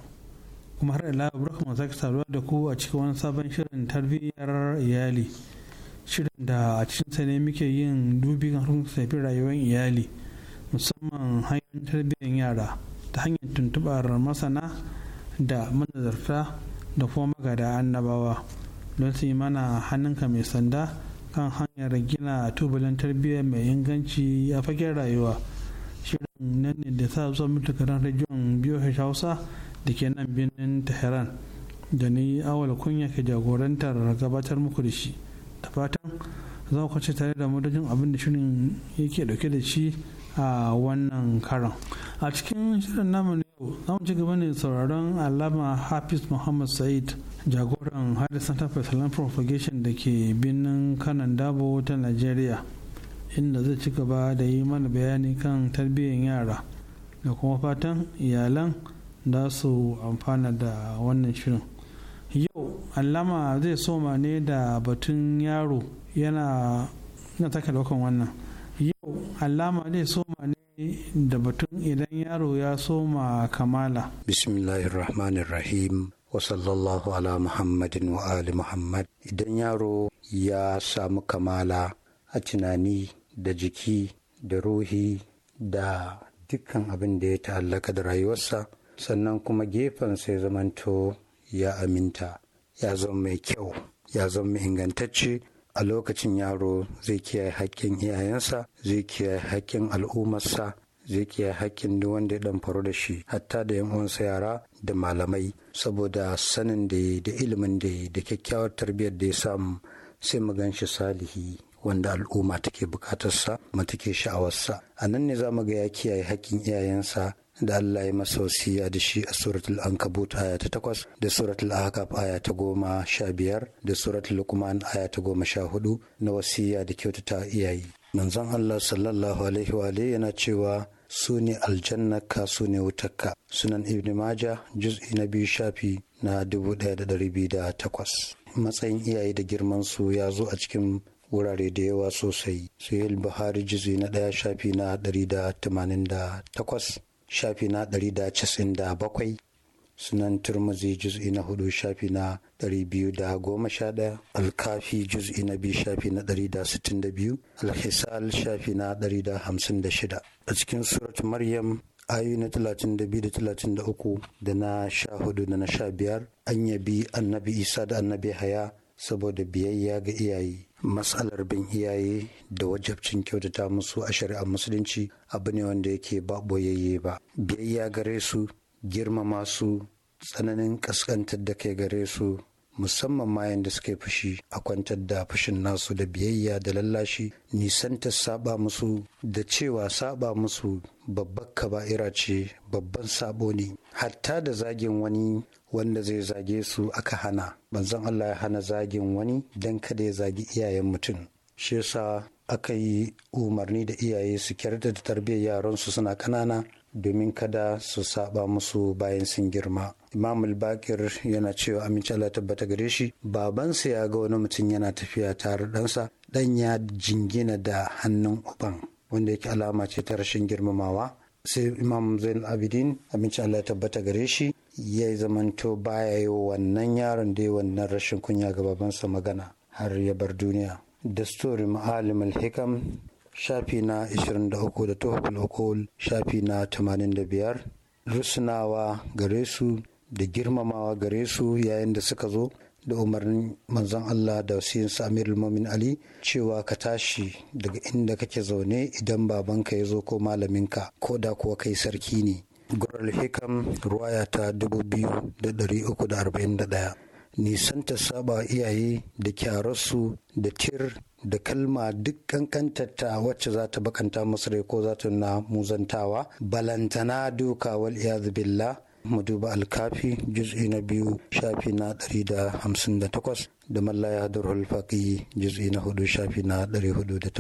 kuma har ila mu sake saduwa da ku a cikin wani sabon shirin tarbiyyar iyali shirin da a cikin sa ne muke yin dubi kan harkokin tafi rayuwar iyali musamman hanyoyin tarbiyyar yara ta hanyar tuntubar masana da manazarta da kuma magada annabawa don su yi mana hannunka mai sanda kan hanyar gina tubalin tarbiyya mai inganci a fagen rayuwa shirin nan ne da sa mutu mutukaran rajiyon biyu hausa da ke nan birnin tehran da ni awal kunya ke jagorantar gabatar muku da shi da fatan za ku ci tare da madajin abin da shirin yake dauke da shi a wannan karan a cikin shirin namu za ci gaba ne sauraron alama hafiz muhammad sa'id jagoran hada center for islam propagation da ke birnin kanan dabo ta nigeria inda zai ci gaba da yi mana bayani kan tarbiyyar yara da kuma fatan iyalan da su amfana da wannan shirin yau alama zai soma ne da batun yaro yana na take wannan yau alama zai soma ne da batun idan yaro ya soma kamala. Bismillahirrahmanirrahim wa sallallahu ala Muhammadin wa ali Muhammad. Idan yaro ya samu kamala a tunani da jiki da ruhi da dukkan abin da ya ta'allaka da rayuwarsa sannan kuma gefen sai zamanto ya aminta ya zama mai kyau ya zama ingantacce a lokacin yaro zai kiyaye hakkin iyayensa zai kiyaye hakkin al'ummarsa zai kiyaye hakkin duk wanda ya dan da shi hatta da yan uwansa yara da malamai saboda sanin da da ilimin da da kyakkyawar tarbiyyar da ya samu sai mu gan shi salihi wanda al'umma take bukatarsa mu take sha'awarsa a nan ne za mu ga ya kiyaye hakkin iyayensa da Allah ya masa wasiya da shi a suratul ankabut aya ta takwas da suratul ahqaf aya ta goma sha biyar da suratul luqman aya ta goma sha hudu na wasiya da kyautata iyaye manzon Allah sallallahu alaihi wa yana cewa su ne ka, su ne wutakka sunan ibn maja juz'i na biyu shafi na dubu da da biyu takwas. matsayin iyaye da girman su ya zo a cikin wurare da yawa sosai sahih buhari juz'i na daya shafi na da da tamanin takwas. shafi na 197 sunan turmuzi juz'i na hudu shafi na 211 alkafi juz'i na biyu shafi na 162 alhisal shafi na 156 a cikin surat maryam ayu na 32 da 33 da na 14 da na 15 an yabi annabi isa da annabi haya saboda biyayya ga iyaye matsalar bin iyaye da wajabcin kyautata musu a shari'ar musulunci abu ne wanda yake ba boyayye ba biyayya gare su girmama su tsananin kaskantar da kai gare su musamman ma yanda suka yi fushi a kwantar da fushin nasu da biyayya da lallashi nisanta saba musu da cewa saba musu babbar kaba'ira ce babban sabo ne hatta da zagin wani wanda zai zage su aka hana banzan Allah ya hana zagin wani don kada ya zagi iyayen mutum shi yasa aka yi umarni da iyaye su kyarta da tarbiyyar yaransu suna ƙanana domin kada su saba musu bayan sun girma imam bakir yana cewa aminci Allah tabbata gare shi babansa ya ga wani mutum yana tafiya tare ɗansa ɗan ya jingina da hannun uban wanda yake alama ce ta rashin girmamawa sai imam zain abidin abinci allah tabbata gare shi ya zamanto baya yi wannan yaron da wannan rashin kunya ga babansa magana har ya bar duniya dastori ma'alim al hikam shafi na 23 da tuhaful ukul shafi na 85 rusunawa gare su da girmamawa gare su yayin da suka zo da umarnin manzon Allah da wasiyin Samir Mumin Ali cewa ka tashi daga inda kake zaune idan babanka ya zo ko malaminka ko da kuwa kai sarki ne. Gural Hikam ruwaya ta 2341 nisanta saba iyaye da kyararsu da tir da kalma duk kankantatta wacce za ta bakanta masu rai ko za ta na muzantawa balantana duka wal billah mu duba alkafi juz'i na biyu shafi na 158 da mallaya hadarul faƙi juz'i na hudu shafi na 408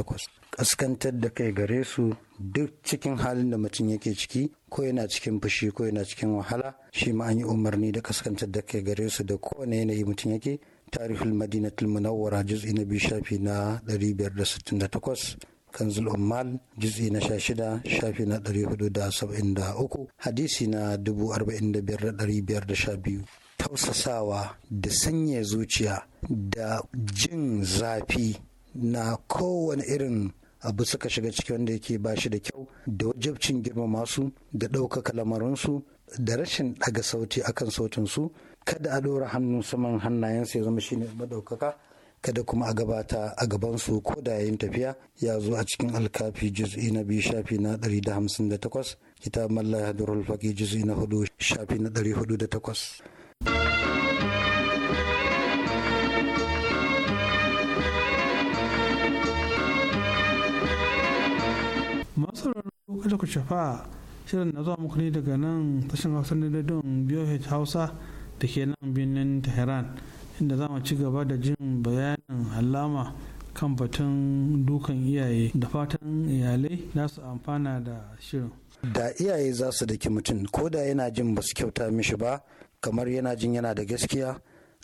kaskantar da kai gare su duk cikin halin da mutum yake ciki ko yana cikin fushi ko yana cikin wahala shi ma an yi umarni da kaskantar da kai gare su da kowane yanayi mutum yake tarihul madinatul munawwara juz'i na biyu shafi na 568 kanzul ummal juz'i na 16 shafi na 473 hadisi na 45512 tausasawa da sanya zuciya da jin zafi na kowane irin abu suka shiga ciki wanda yake ba shi da kyau da wajabcin girmama su da ɗaukaka lamarinsu da rashin ɗaga sauti akan sautinsu kada a ɗora hannun saman hannayensa ya zama shine madaukaka kada kuma a gabata a gabansu ko da yayin tafiya ya zo a cikin alkafi juz'i na biyu shafi na 158 kitab mallah hadurul faqi juz'i na hudu shafi na 408 masu kada ku shafa shirin na zuwa muku ne daga nan tashin hausa da don biyo hausa da ke nan birnin tehran inda za mu ci gaba da jin bayanin alama kan batun dukan iyaye da fatan iyalai za su amfana da shirin da iyaye za su daki mutum ko da yana jin ba su kyauta mishi ba kamar yana jin yana da gaskiya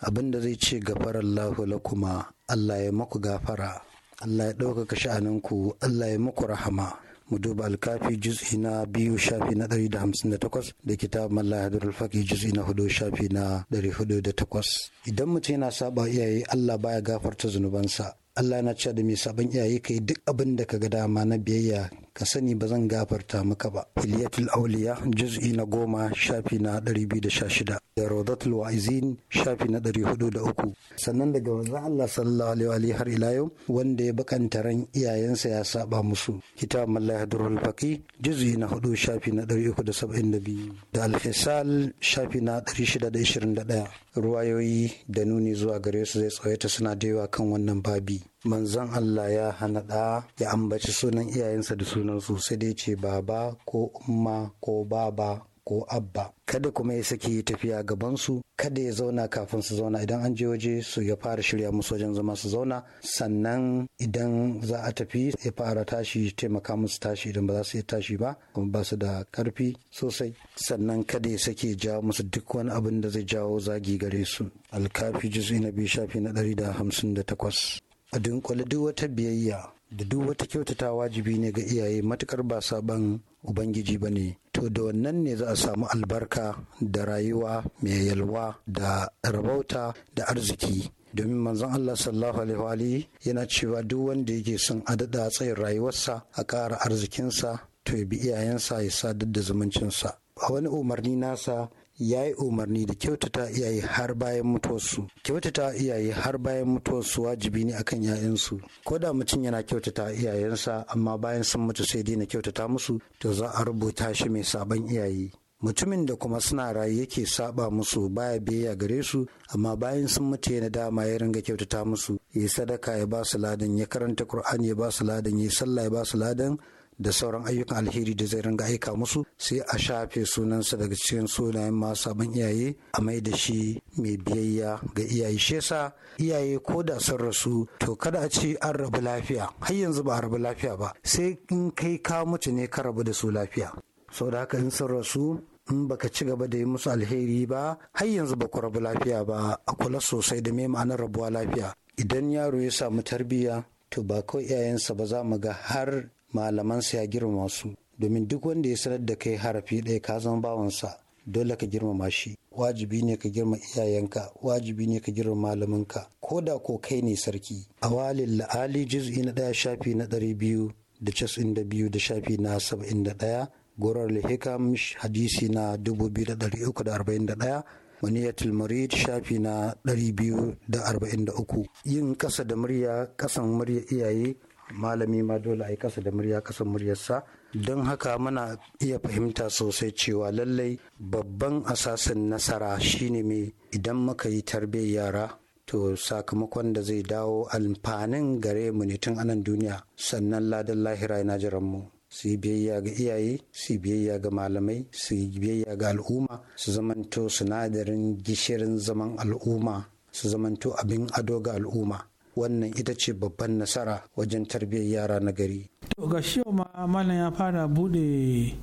abin da zai ce gafarallahu lakuma allah ya maku gafara allah ya ɗaukaka sha'aninku allah ya maku rahama mu duba alkafi juz'i na biyu shafi na ɗari da hamsin da takwas da kitab malla hadurul faki juz'i na hudu shafi na ɗari hudu da takwas idan mutum yana saba iyaye Allah baya gafarta zunubansa Allah yana cewa da mai saban iyaye kai duk abin da ka ga dama na biyayya ka sani ba zan gafarta maka ba iliyatul auliya juz'i na goma shafi na 216 da rodatul wa'izin shafi na 403 sannan daga wanzu Allah sallallahu alaihi wa alihi har ila yau wanda ya baƙan taron iyayensa ya saba musu kitab mallah hadrul faqi juz'i na 4 shafi na 372 da al-hisal shafi na 621 ruwayoyi da nuni zuwa gare su zai tsawaita suna da yawa kan wannan babi manzon Allah ya hana ɗa ya ambaci sunan iyayensa da sunansu sai dai ce baba ko umma ko baba ko abba kada kuma ya sake tafiya gabansu kada ya zauna kafin su zauna idan an je waje su ya fara shirya musu wajen zama su zauna sannan idan za a tafi ya fara tashi taimaka musu tashi idan ba za su iya tashi ba kuma ba su da karfi sosai sannan kada ya sake jawo musu duk wani abin da zai jawo zagi gare su alkafi juz'i na biyu shafi na ɗari da hamsin da takwas a dunkule duk wata biyayya da duk wata kyautata wajibi ne ga iyaye matukar ba saban ubangiji ba ne to da wannan ne za a samu albarka da rayuwa mai yalwa da rabauta da arziki domin manzon Allah sallallahu alaihi yana cewa duk wanda yake son a daɗa tsayin rayuwarsa a ƙara arzikinsa to ya bi iyayensa ya sadar da zumuncinsa a wani umarni nasa ya yi umarni da kyautata iyaye har bayan mutuwarsu kyautata iyaye har bayan mutuwarsu wajibi ne akan yayansu ko da mutum yana kyautata iyayensa amma bayan sun mutu sai daina kyautata musu to za a rubuta shi mai sabon iyaye mutumin da kuma suna rayu yake saba musu baya biyayya gare su amma bayan sun mutu yana dama ya ringa kyautata musu ya sadaka ya ba su ladan ya karanta qur'ani ya ba su ladan ya sallah ya ba su ladan da sauran ayyukan alheri da zai ringa aika musu sai a shafe sunansa daga cikin sunayen masu sabon iyaye a mai da shi mai biyayya ga iyaye shi yasa iyaye ko da sun rasu to kada a ce an rabu lafiya har yanzu ba a rabu lafiya ba sai in kai ka mutu ne ka rabu da su lafiya saboda haka in sun rasu in baka ci gaba da yi musu alheri ba har yanzu ba ku rabu lafiya ba a kula sosai da me ma'anar rabuwa lafiya idan yaro ya samu tarbiyya to ba kawai iyayensa ba za mu ga har malamansa ya girmama su domin duk wanda ya sanar da kai harafi ɗaya ka zama bawansa dole ka girmama shi wajibi ne ka girma iyayenka wajibi ne ka girma malaminka ko da ko kai ne sarki a walin la'ali juz'i na ɗaya shafi na ɗari biyu da casin da biyu da shafi na saba'in da ɗaya gorar lihikam hadisi na dubu biyu da ɗari uku da arba'in da ɗaya maniyatul marid shafi na ɗari biyu da arba'in da uku yin ƙasa da murya ƙasan murya iyaye malami ma dole a yi kasa da murya kasa muryarsa don haka muna iya fahimta sosai cewa lallai babban asasin nasara shine mai idan muka yi tarbiyyar yara to sakamakon da zai dawo alfanin gare mu ne tun anan duniya sannan ladan lahira yana jiran mu su yi biyayya ga iyaye su yi biyayya ga malamai su yi biyayya ga al'umma su zamanto sinadarin gishirin zaman al'umma su zamanto abin ado ga al'umma wannan ita ce babban nasara wajen tarbiyyar yara na gari. To ga ma malam ya fara bude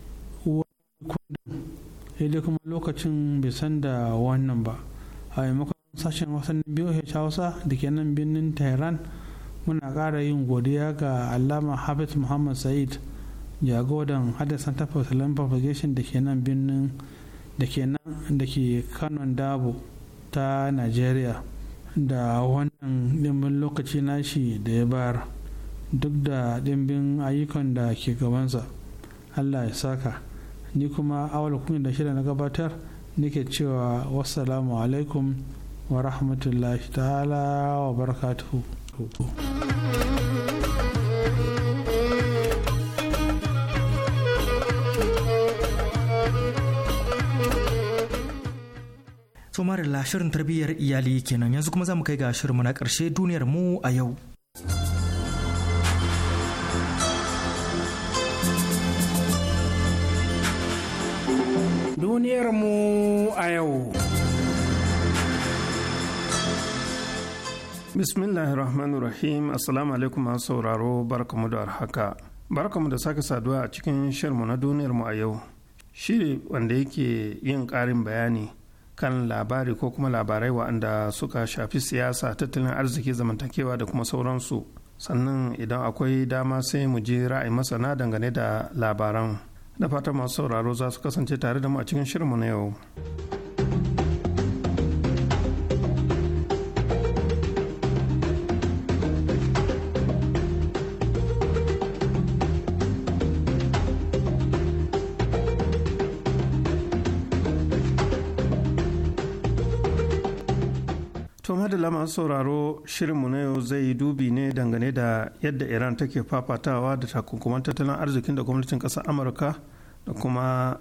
kundin dai kuma lokacin bai san da wannan ba a maimakon sashen wasannin biyu hausa da ke nan birnin tehran muna kara yin godiya ga alama hafiz muhammad sa'id jagodan hadasan ta fasalan propagation da ke nan birnin da ke nan da ke kanon dabo ta nigeria da wannan dimbin lokaci nashi da ya bayar duk da dimbin ayyukan da ke gabansa allah ya saka ni kuma awal kuma da shida na gabatar nake cewa wassalamu alaikum wa rahmatullahi ta'ala wa barakatuhu To Marilla shirin tarbiyyar iyali kenan yanzu kuma za mu kai ga shirinmu na ƙarshe duniyar mu a yau. Duniyar mu a yau. Bismillahirrahmanirrahim Assalamu alaikum masu sauraro barkamu da haka. Barkamu da sake saduwa a cikin shirinmu na duniyar mu a yau. Shiri wanda yake yin ƙarin bayani kan labari ko kuma labarai waɗanda suka shafi siyasa tattalin arziki zamantakewa da kuma sauransu sannan idan akwai dama sai mu ji ra'ayi masana dangane da labaran da fata masu sauraro za su kasance tare da mu a cikin shirin mu na yau. masu sauraro shirinmu na yau zai yi dubi ne dangane da yadda iran take fafatawa da takunkuman tattalin arzikin da gwamnatin ƙasar amurka da kuma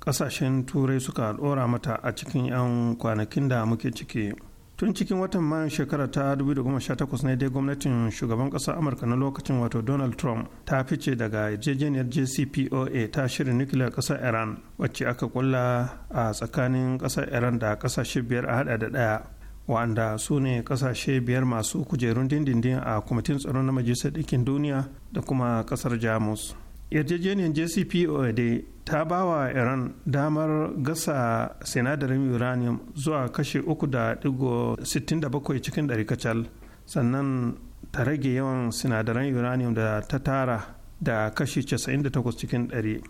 ƙasashen turai suka ɗora mata a cikin 'yan kwanakin da muke ciki tun cikin watan mayan shekara ta 2018 ne dai gwamnatin shugaban ƙasar amurka na lokacin wato donald trump ta fice daga yarjejeniyar jcpoa ta shirin nukiliyar ƙasar iran wacce aka kulla a tsakanin ƙasar iran da ƙasashe biyar a hada da ɗaya waɗanda su ne kasashe biyar masu kujerun dindindin a kwamitin tsaro na majalisar ɗikin duniya da kuma ƙasar jamus yarjejeniyar jcpoa da ta ba wa iran damar gasa sinadarin uranium zuwa kashe 3.67 cikin ɗari kacal sannan ta rage yawan sinadaran uranium da ta tara da kashi 98 cikin ɗari.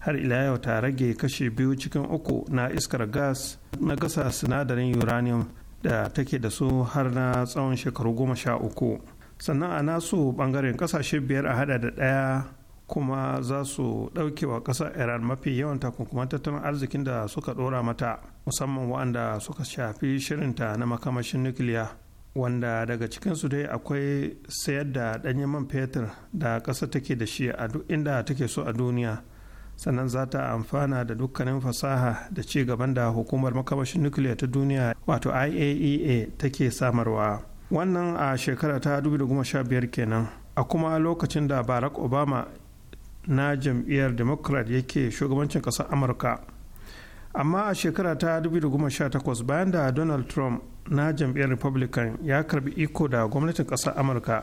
har ila yau ta rage kashi biyu cikin uku na iskar gas na gasa sinadarin uranium da take da su har na tsawon shekaru goma sha uku sannan a nasu bangaren kasashe biyar a hada da daya kuma za su ɗauke wa kasa iran mafi yawan takunkuman tattalin arzikin da suka ɗora mata musamman waɗanda suka shafi shirinta na makamashin nukiliya wanda daga cikinsu dai akwai sayar da ɗanyen man fetur da ƙasa take da shi a duk inda take so a duniya sannan za ta amfana da dukkanin fasaha da ci gaban da hukumar makamashin nukiliya ta duniya wato iaea e take samarwa wannan a shekara ta 2015 kenan a kuma lokacin da barack obama na jam'iyyar democrat yake shugabancin ƙasar amurka amma a shekara ta 2018 bayan da donald trump na jam'iyyar republican ya karbi iko da gwamnatin ƙasar amurka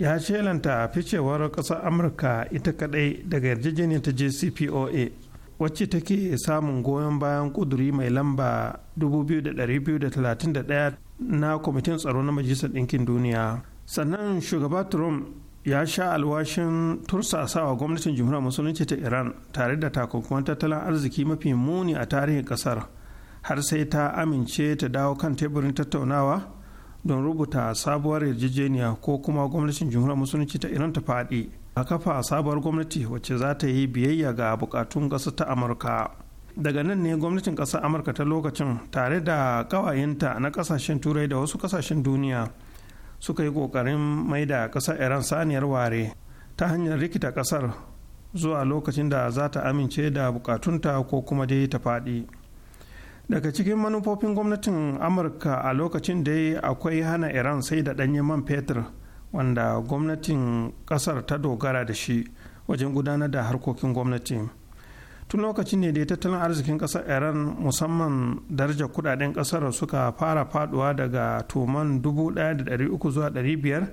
ya lanta ficewar ƙasar amurka ita kadai daga yarjejeniyar ta jcpoa wacce take samun goyon bayan kuduri mai lamba 2231 na kwamitin tsaro na majalisar ɗinkin duniya sannan shugaba trump ya sha alwashin tursasawa gwamnatin jimhuriyar musulunci ta iran tare da takunkuman tattalin arziki mafi muni a tarihin kasar har sai ta amince ta dawo kan teburin tattaunawa don rubuta sabuwar yarjejeniya ko kuma gwamnatin jamhuriyar musulunci ta iran ta faɗi a kafa sabuwar gwamnati wacce za ta yi biyayya ga bukatun ƙasa ta amurka daga nan ne gwamnatin ƙasar amurka ta lokacin tare da ƙawayenta na ƙasashen turai da wasu ƙasashen duniya suka yi ƙoƙarin mai da ƙasar iran saniyar ware ta hanyar rikita ƙasar zuwa lokacin da za ta amince da bukatunta ko kuma dai ta faɗi. daga cikin manufofin gwamnatin amurka a lokacin da akwai hana iran sai da danyen man fetur wanda gwamnatin kasar ta dogara da shi wajen gudanar da harkokin gwamnati tun lokacin ne da tattalin arzikin kasar iran musamman daraja kudaden ƙasar suka fara faduwa daga tuman 1,300 zuwa 500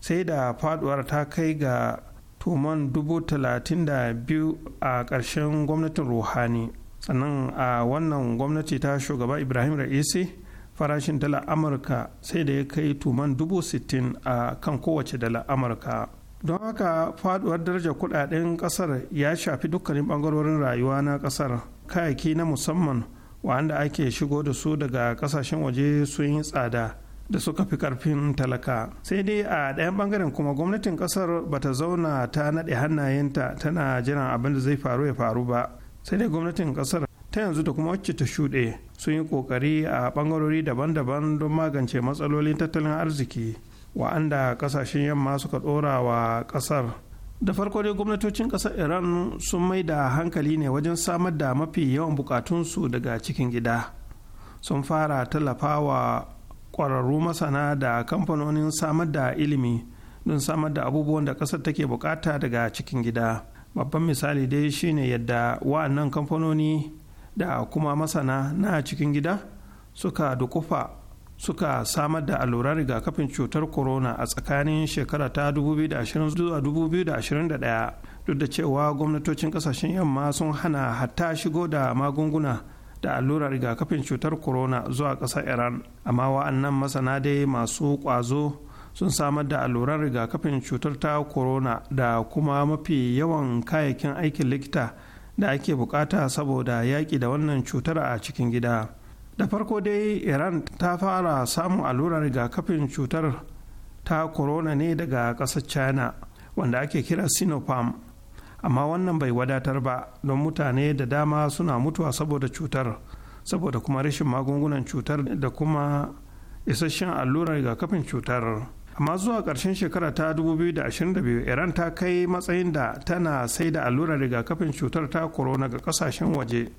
sai da faduwar ta kai ga tuman 32,000 a ƙarshen gwamnatin ruhani sannan a wannan gwamnati ta shugaba ibrahim ra'isi farashin dala amurka sai da ya kai tuman dubu sittin a kan kowace dala amurka don haka faduwar darajar kudaden kasar ya shafi dukkanin bangarorin rayuwa na kasar kayaki na musamman wanda ake shigo da su daga kasashen waje sun yi tsada da suka fi karfin talaka sai dai a ɗayan bangaren kuma gwamnatin kasar bata zauna ta naɗe hannayenta tana jiran abin da zai faru ya faru ba sai dai gwamnatin kasar ta yanzu da kuma wacce ta shuɗe sun yi ƙoƙari a ɓangarori daban-daban don magance matsalolin tattalin arziki wa'anda ƙasashen yamma suka ɗora wa ƙasar da farko dai gwamnatocin ƙasar iran sun mai da hankali ne wajen samar da mafi yawan bukatunsu daga cikin gida sun fara tallafa wa ƙwararru masana da kamfanonin samar da ilimi don samar da abubuwan da ƙasar take bukata daga cikin gida. babban misali dai shine yadda wa'annan kamfanoni da kuma masana na cikin gida suka dukufa suka samar da alluran rigakafin cutar corona a tsakanin shekara ta 2021 duk da cewa gwamnatocin kasashen yamma sun hana hatta shigo da magunguna da allurar rigakafin cutar corona zuwa ƙasar iran amma wa'annan masana dai masu ƙwazo sun samar da alluran rigakafin cutar ta corona da kuma mafi yawan kayayyakin aikin likita da ake bukata saboda yaƙi da wannan cutar a cikin gida da farko dai iran ta fara samun alluran rigakafin cutar ta corona ne daga ƙasar china wanda ake kira sinopharm amma wannan bai wadatar ba don mutane da dama suna mutuwa saboda cutar saboda kuma rashin magungunan cutar da kuma isasshen alluran rigakafin cutar. amma zuwa ƙarshen shekara ta 2022 iran ta kai matsayin da tana sai da allurar rigakafin cutar ta corona ga kasashen waje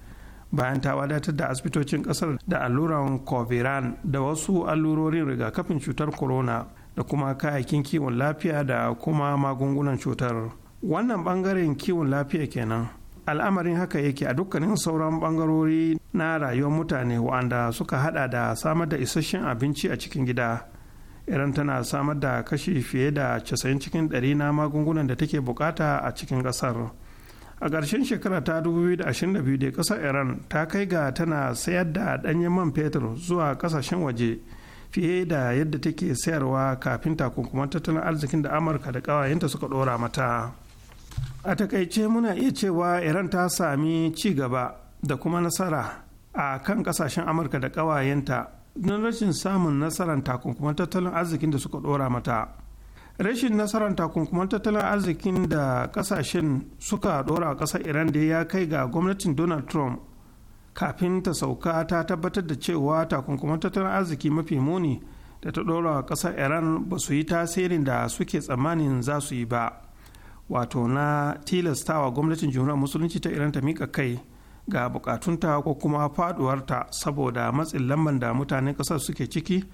bayan ta wadatar da asibitocin ƙasar da alluran coviran da wasu allurorin rigakafin cutar corona da kuma kayayyakin kiwon lafiya da kuma magungunan cutar wannan bangaren kiwon lafiya kenan al'amarin haka yake a dukkanin sauran bangarori na rayuwar mutane wa'anda suka hada da samar da isasshen abinci a cikin gida iran tana samar da kashi fiye da 90 cikin 100 na magungunan da take bukata a cikin kasar a ƙarshen shekara ta 2022 da ƙasar iran ta kai ga tana sayar da ɗanyen man fetur zuwa ƙasashen waje fiye da yadda take sayarwa kafin takunkuman tattalin arzikin da amurka da ƙawayenta suka ɗora mata a takaice muna iya cewa iran ta sami ci gaba da kuma nasara a kan ƙasashen amurka da ƙawayenta don rashin samun nasarar takunkuman tattalin arzikin da suka ɗora mata rashin nasarar takunkuman tattalin arzikin da kasashen suka ɗora a ƙasar iran da ya kai ga gwamnatin donald trump kafin ta sauka ta tabbatar da cewa takunkuman tattalin arziki mafi muni da ta ɗora a ƙasar iran ba su yi tasirin da suke tsammanin za su yi ba wato na tilastawa gwamnatin jihunar musulunci ta iran ta miƙa kai ga bukatunta ko kuma faduwarta saboda matsin lamban da mutanen ƙasar suke ciki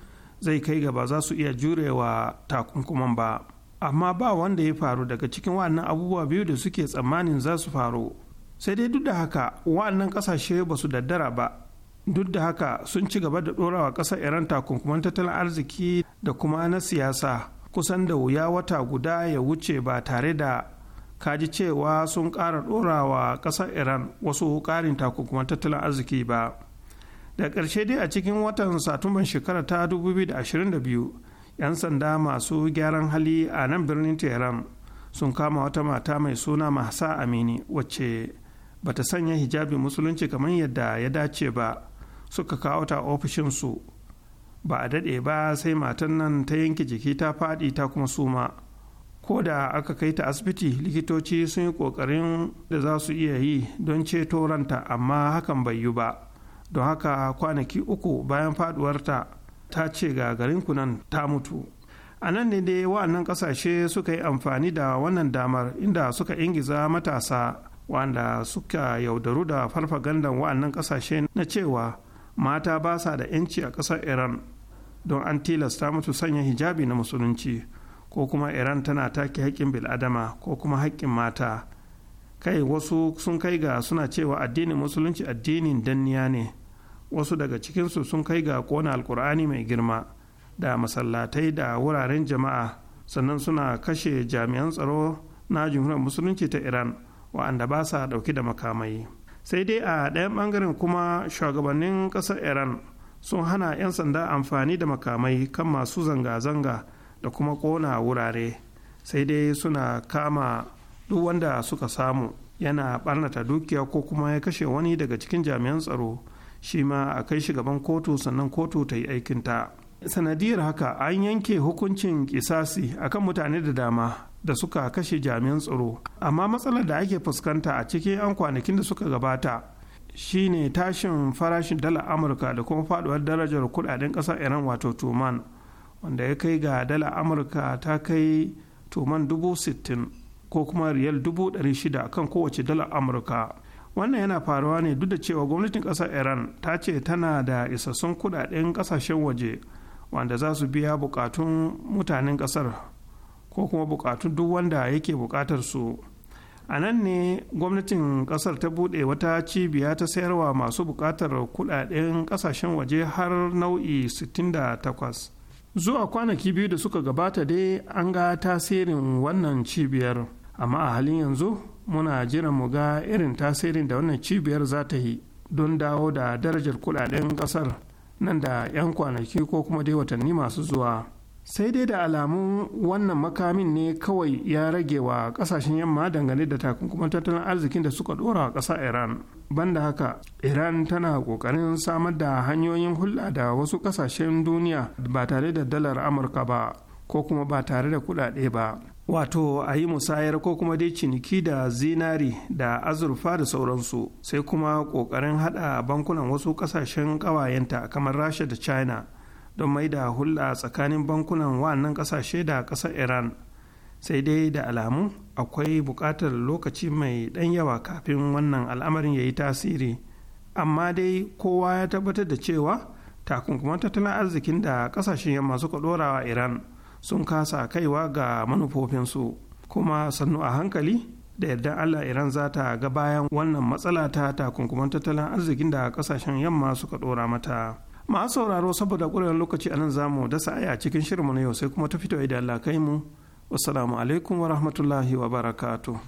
zai kai gaba za su iya jurewa takunkuman ba amma ba wanda ya faru daga cikin wa'annan abubuwa biyu da suke tsammanin za su faru sai dai duk da haka wa'annan ƙasashe ba su daddara ba duk da haka sun ci gaba da ɗorawa ƙasar iran takunkuman tattalin arziki da kuma na siyasa kusan da wuya wata guda ya wuce ba tare da ka ji cewa sun ƙara ɗorawa ƙasar iran wasu ƙarin takunkuman tattalin arziki ba da ƙarshe dai a cikin watan satumban shekara ta 2022 'yan sanda masu gyaran hali a nan birnin tehran sun kama wata mata mai suna mahsa amini wacce bata sanya hijabi musulunci kamar yadda ya dace ba suka kawo ta ofishinsu ba a daɗe ba sai matan nan ta yanke jiki ta faɗi ta kuma suma. ko da aka kai ta asibiti likitoci sun yi ƙoƙarin da za su iya yi don ceto ranta amma hakan bai yi ba don haka kwanaki uku bayan faduwarta ta ce ga garin kunan ta mutu a nan ne dai wa'annan ƙasashe suka yi amfani da wannan damar inda suka ingiza matasa wanda suka yaudaru da farfagandan wa'annan ƙasashe na cewa mata ba sa da 'yanci a ƙasar iran don an tilasta mutu sanya hijabi na musulunci ko kuma iran tana take haƙƙin bil'adama ko kuma haƙƙin mata kai wasu sun kai ga suna cewa addinin musulunci addinin danniya ne wasu daga cikinsu sun kai ga kona alkur'ani mai girma da masallatai da wuraren jama'a sannan suna kashe jami'an tsaro na jumhuriyar musulunci ta iran wa'anda ba sa ɗauki da makamai sai dai a ɗayan ɓangaren kuma shugabannin ƙasar iran sun hana 'yan sanda amfani da makamai kan masu zanga-zanga da kuma kona wurare sai dai suna kama duk wanda suka samu yana barnata dukiya ko kuma ya kashe wani daga cikin jami'an tsaro shi ma a kai shi gaban kotu sannan kotu ta yi aikinta sanadiyar haka an yanke hukuncin kisasi akan mutane da dama da suka kashe jami'an tsaro amma matsalar da ake fuskanta a cikin an kwanakin da suka gabata shine tashin farashin dala amurka da kuma faduwar darajar kudaden kasar iran wato tuman wanda ya kai ga dala amurka ta kai tuman dubu sittin ko kuma riyal dubu ɗari shida kan kowace dala amurka wannan yana faruwa ne duk da cewa gwamnatin ƙasar iran ta ce tana da isassun kudaden ƙasashen waje wanda za su biya bukatun mutanen ƙasar ko kuma bukatun duk wanda yake bukatar su a nan ne gwamnatin ƙasar ta buɗe wata cibiya ta sayarwa masu bukatar kudaden ƙasashen waje har nau'i 68 zuwa kwanaki biyu da suka gabata dai an ga tasirin wannan cibiyar amma a halin yanzu muna jiran mu ga irin tasirin da wannan cibiyar za ta yi don dawo da darajar kudaden kasar nan da 'yan kwanaki ko kuma dai watanni masu zuwa. sai dai da alamun wannan makamin ne kawai ya rage wa kasashen yamma dangane da takunkuman tattalin arzikin da suka dora wa ƙasa iran banda haka iran tana kokarin samar da hanyoyin hulɗa da wasu ƙasashen duniya ba tare da dalar amurka ba ko kuma ba tare da kuɗaɗe ba wato a yi musayar ko kuma dai ciniki da zinari da azurfa da sauransu sai kuma kokarin haɗa bankunan wasu ƙasashen ƙawayenta kamar rasha da china don mai da hulɗa tsakanin bankunan wannan ƙasashe da ƙasar iran sai dai da alamu akwai buƙatar lokaci mai ɗan yawa kafin wannan al'amarin ya yi tasiri amma dai kowa ya tabbatar da cewa takunkuman tattalin arzikin da ƙasashen yamma suka ɗorawa iran sun kasa kaiwa ga manufofinsu kuma sannu a hankali da yardan allah iran za ta ga bayan wannan matsala ta takunkuman tattalin arzikin da ƙasashen yamma suka ɗora mata. ma sauraro saboda ƙwarewar lokaci a nan zamu dasa aya cikin shirinmu na yau sai kuma ta fito idan Allah kai mu wasu alaikum wa rahmatullahi wa barakatu.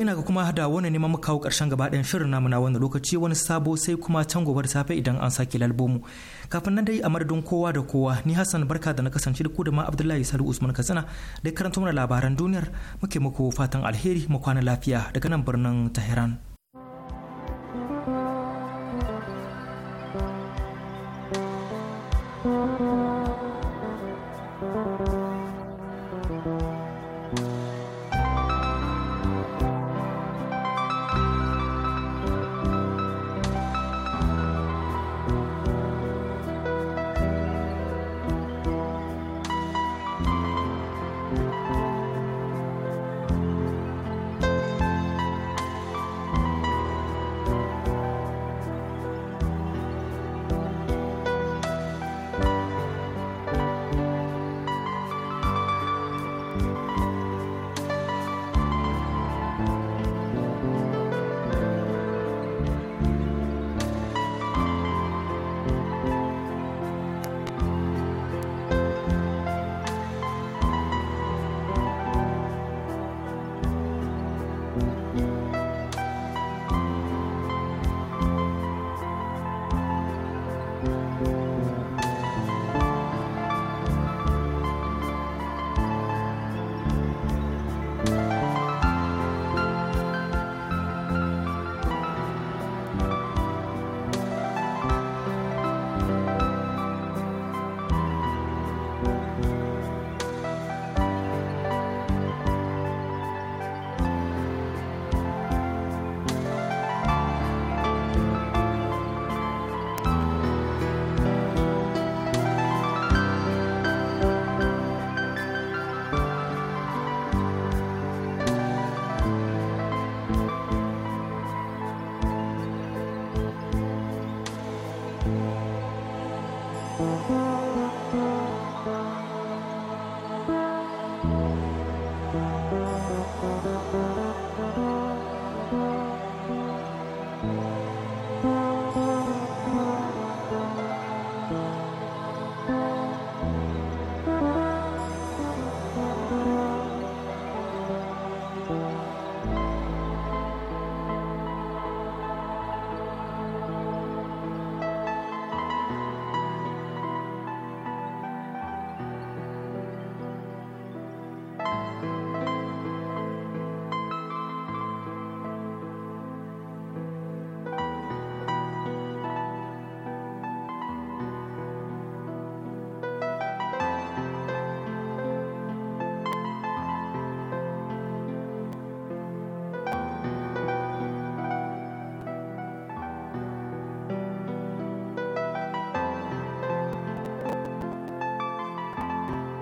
ina ga kuma da wani neman muka kawo karshen gaba ɗayan shirin namu na wannan lokaci wani sabo sai kuma can gobe safe idan an sake lalbomu. Kafin nan dai a madadin kowa da kowa ni Hassan barka da na kasance da ku da ma Abdullahi Salu Usman Katsina da karanta mana labaran duniyar muke muku fatan alheri mu kwana lafiya daga nan birnin Tehran.